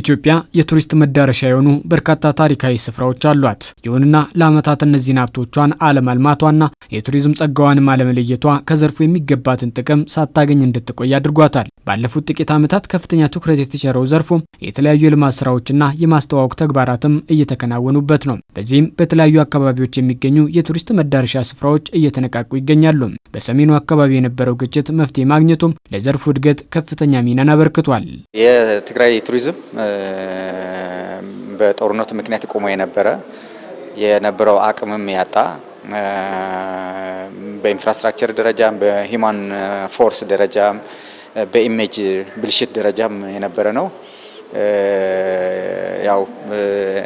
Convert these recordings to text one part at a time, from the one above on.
ኢትዮጵያ የቱሪስት መዳረሻ የሆኑ በርካታ ታሪካዊ ስፍራዎች አሏት። ይሁንና ለዓመታት እነዚህን ሀብቶቿን አለማልማቷና የቱሪዝም ጸጋዋንም አለመለየቷ ከዘርፉ የሚገባትን ጥቅም ሳታገኝ እንድትቆይ አድርጓታል። ባለፉት ጥቂት ዓመታት ከፍተኛ ትኩረት የተቸረው ዘርፉ የተለያዩ የልማት ስራዎችና የማስተዋወቅ ተግባራትም እየተከናወኑበት ነው። በዚህም በተለያዩ አካባቢዎች የሚገኙ የቱሪስት መዳረሻ ስፍራዎች እየተነቃቁ ይገኛሉ። በሰሜኑ አካባቢ የነበረው ግጭት መፍትሄ ማግኘቱም ለዘርፉ እድገት ከፍተኛ ሚናን አበርክቷል። የትግራይ ቱሪዝም በጦርነቱ ምክንያት ቆሞ የነበረ የነበረው አቅምም ያጣ በኢንፍራስትራክቸር ደረጃም በሂማን ፎርስ ደረጃም በኢሜጅ ብልሽት ደረጃም የነበረ ነው። ያው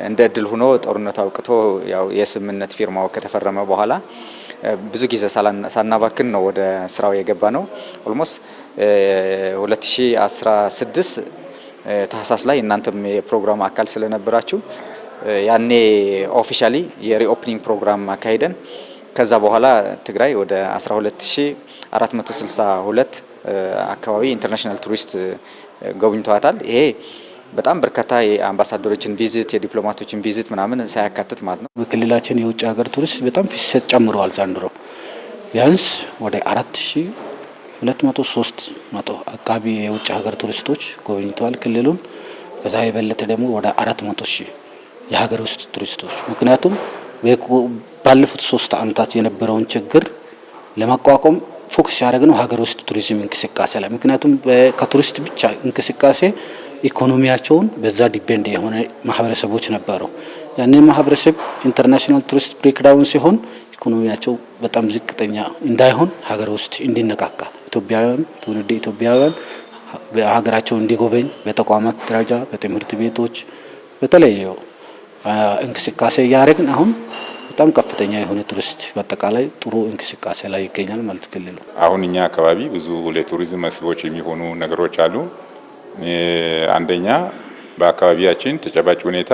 እንደ እድል ሆኖ ጦርነቱ አውቅቶ ያው የስምምነት ፊርማው ከተፈረመ በኋላ ብዙ ጊዜ ሳናባክን ነው ወደ ስራው የገባ ነው። ኦልሞስት 2016 ታህሳስ ላይ እናንተም የፕሮግራም አካል ስለነበራችሁ ያኔ ኦፊሻሊ የሪኦፕኒንግ ፕሮግራም አካሄደን ከዛ በኋላ ትግራይ ወደ 12462 አካባቢ ኢንተርናሽናል ቱሪስት ጎብኝተዋታል። ይሄ በጣም በርካታ የአምባሳደሮችን ቪዚት የዲፕሎማቶችን ቪዚት ምናምን ሳያካትት ማለት ነው። በክልላችን የውጭ ሀገር ቱሪስት በጣም ፍሰት ጨምረዋል። ዘንድሮ ቢያንስ ወደ አራት ሺህ ሁለት መቶ ሶስት መቶ አካባቢ የውጭ ሀገር ቱሪስቶች ጎብኝተዋል ክልሉን። ከዛ የበለጠ ደግሞ ወደ አራት መቶ ሺህ የሀገር ውስጥ ቱሪስቶች ምክንያቱም ባለፉት ሶስት አመታት የነበረውን ችግር ፎክስ ፎከስ ያደረግነው ሀገር ውስጥ ቱሪዝም እንቅስቃሴ ላይ ምክንያቱም ከቱሪስት ብቻ እንቅስቃሴ ኢኮኖሚያቸውን በዛ ዲፔንድ የሆነ ማህበረሰቦች ነበሩ። ያኔ ማህበረሰብ ኢንተርናሽናል ቱሪስት ብሬክዳውን ሲሆን ኢኮኖሚያቸው በጣም ዝቅተኛ እንዳይሆን ሀገር ውስጥ እንዲነቃቃ ኢትዮጵያውያን ትውልድ ኢትዮጵያውያን ሀገራቸው እንዲጎበኝ በተቋማት ደረጃ በትምህርት ቤቶች በተለየ እንቅስቃሴ እያደረግን አሁን በጣም ከፍተኛ የሆነ ቱሪስት በአጠቃላይ ጥሩ እንቅስቃሴ ላይ ይገኛል ማለት ክልሉ። አሁን እኛ አካባቢ ብዙ ለቱሪዝም መስህቦች የሚሆኑ ነገሮች አሉ። አንደኛ በአካባቢያችን ተጨባጭ ሁኔታ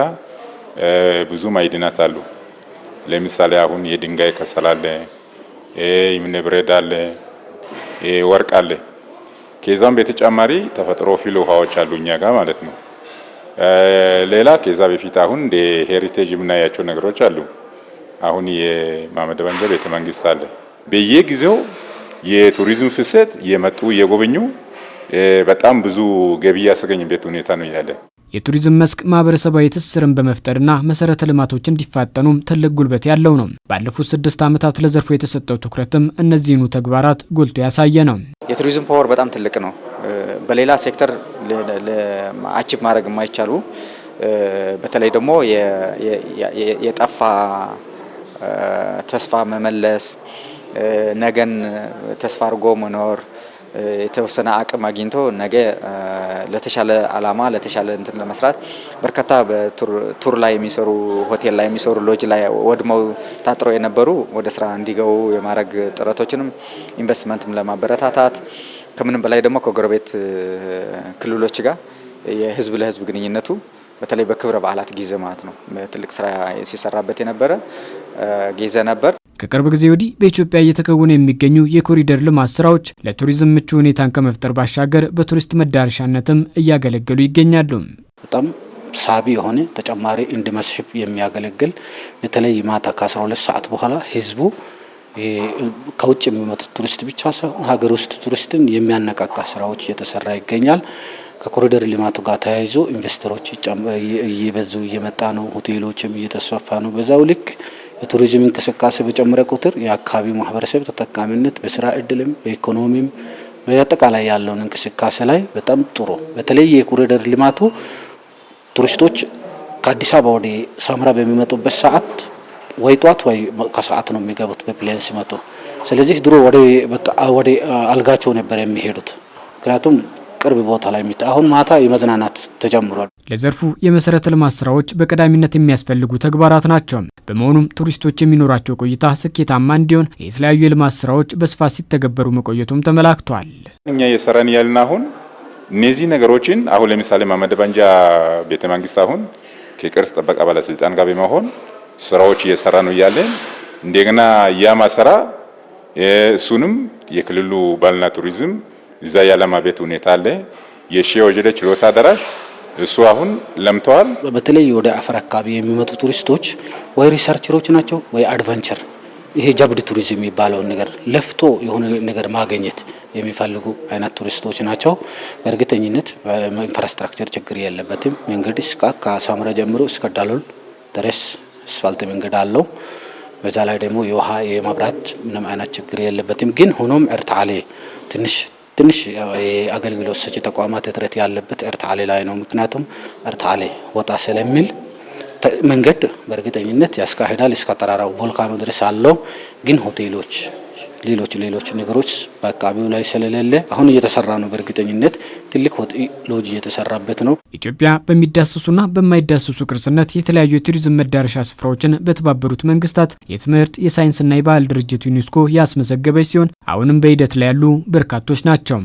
ብዙ ማዕድናት አሉ። ለምሳሌ አሁን የድንጋይ ከሰል አለ፣ የእብነ አለ ወርቅ አለ። ከዛም በተጨማሪ ተፈጥሮ ፊል ውሃዎች አሉ እኛ ጋር ማለት ነው። ሌላ ከዛ በፊት አሁን እንደ ሄሪቴጅ የምናያቸው ነገሮች አሉ። አሁን የማመደ ባንጃ ቤተ መንግስት አለ። በየጊዜው የቱሪዝም ፍሰት እየመጡ እየጎበኙ በጣም ብዙ ገቢ ያስገኝበት ሁኔታ ነው ያለ። የቱሪዝም መስክ ማህበረሰባዊ ትስስርን በመፍጠርና መሰረተ ልማቶች እንዲፋጠኑም ትልቅ ጉልበት ያለው ነው። ባለፉት ስድስት ዓመታት ለዘርፉ የተሰጠው ትኩረትም እነዚህኑ ተግባራት ጎልቶ ያሳየ ነው። የቱሪዝም ፓወር በጣም ትልቅ ነው። በሌላ ሴክተር አቺቭ ማድረግ የማይቻሉ በተለይ ደግሞ የጠፋ ተስፋ መመለስ፣ ነገን ተስፋ አድርጎ መኖር የተወሰነ አቅም አግኝቶ ነገ ለተሻለ አላማ ለተሻለ እንትን ለመስራት በርካታ በቱር ላይ የሚሰሩ ሆቴል ላይ የሚሰሩ ሎጅ ላይ ወድመው ታጥረው የነበሩ ወደ ስራ እንዲገቡ የማድረግ ጥረቶችንም ኢንቨስትመንትም ለማበረታታት ከምንም በላይ ደግሞ ከጎረቤት ክልሎች ጋር የህዝብ ለህዝብ ግንኙነቱ በተለይ በክብረ በዓላት ጊዜ ማለት ነው ትልቅ ስራ ሲሰራበት የነበረ ጊዜ ነበር። ከቅርብ ጊዜ ወዲህ በኢትዮጵያ እየተከወኑ የሚገኙ የኮሪደር ልማት ስራዎች ለቱሪዝም ምቹ ሁኔታን ከመፍጠር ባሻገር በቱሪስት መዳረሻነትም እያገለገሉ ይገኛሉ። በጣም ሳቢ የሆነ ተጨማሪ ኢንዲመስሽፕ የሚያገለግል የተለይ ማታ ከ12 ሰዓት በኋላ ህዝቡ ከውጭ የሚመጡ ቱሪስት ብቻ ሳይሆን ሀገር ውስጥ ቱሪስትን የሚያነቃቃ ስራዎች እየተሰራ ይገኛል። ከኮሪደር ልማቱ ጋር ተያይዞ ኢንቨስተሮች እየበዙ እየመጣ ነው። ሆቴሎችም እየተስፋፋ ነው። በዛው ልክ የቱሪዝም እንቅስቃሴ በጨመረ ቁጥር የአካባቢው ማህበረሰብ ተጠቃሚነት በስራ እድልም በኢኮኖሚም በአጠቃላይ ያለውን እንቅስቃሴ ላይ በጣም ጥሩ በተለይ የኮሪደር ልማቱ ቱሪስቶች ከአዲስ አበባ ወደ ሳምራ በሚመጡበት ሰዓት ወይ ጧት ወይ ከሰዓት ነው የሚገቡት በፕሌን ሲመጡ። ስለዚህ ድሮ ወደ አልጋቸው ነበር የሚሄዱት፣ ምክንያቱም ቅርብ ቦታ ላይ አሁን ማታ የመዝናናት ተጀምሯል። ለዘርፉ የመሰረተ ልማት ስራዎች በቀዳሚነት የሚያስፈልጉ ተግባራት ናቸው። በመሆኑም ቱሪስቶች የሚኖራቸው ቆይታ ስኬታማ እንዲሆን የተለያዩ የልማት ስራዎች በስፋት ሲተገበሩ መቆየቱም ተመላክቷል። እኛ እየሰራን ያልን አሁን እነዚህ ነገሮችን አሁን ለምሳሌ ማመደባንጃ ቤተመንግስት ቤተ መንግስት አሁን ከቅርስ ጥበቃ ባለስልጣን ጋር በመሆን ስራዎች እየሰራ ነው እያለን እንደገና ያማ ስራ እሱንም የክልሉ ባልና ቱሪዝም እዛ የዓላማ ቤት ሁኔታ አለ የሺ ወጀደ ችሎታ አዳራሽ እሱ አሁን ለምተዋል። በተለይ ወደ አፈር አካባቢ የሚመጡ ቱሪስቶች ወይ ሪሰርቸሮች ናቸው ወይ አድቨንቸር ይሄ ጀብድ ቱሪዝም የሚባለውን ነገር ለፍቶ የሆነ ነገር ማግኘት የሚፈልጉ አይነት ቱሪስቶች ናቸው። በእርግጠኝነት ኢንፍራስትራክቸር ችግር የለበትም። መንገድ እስከ ከሳምረ ጀምሮ እስከ ዳሎል ድረስ አስፋልት መንገድ አለው። በዛ ላይ ደግሞ የውሃ የመብራት ምንም አይነት ችግር የለበትም። ግን ሆኖም ኤርታሌ ትንሽ ትንሽ አገልግሎት ሰጪ ተቋማት እጥረት ያለበት ኤርታሌ ላይ ነው። ምክንያቱም ኤርታሌ ወጣ ስለሚል መንገድ በእርግጠኝነት ያስካሂዳል እስከ ተራራው ቮልካኖ ድረስ አለው። ግን ሆቴሎች ሌሎች ሌሎች ነገሮች በአካባቢው ላይ ስለሌለ አሁን እየተሰራ ነው። በእርግጠኝነት ትልቅ ወጥ ሎጅ እየተሰራበት ነው። ኢትዮጵያ በሚዳሰሱና በማይዳሰሱ ቅርስነት የተለያዩ የቱሪዝም መዳረሻ ስፍራዎችን በተባበሩት መንግስታት የትምህርት የሳይንስና የባህል ድርጅት ዩኔስኮ ያስመዘገበች ሲሆን አሁንም በሂደት ላይ ያሉ በርካቶች ናቸው።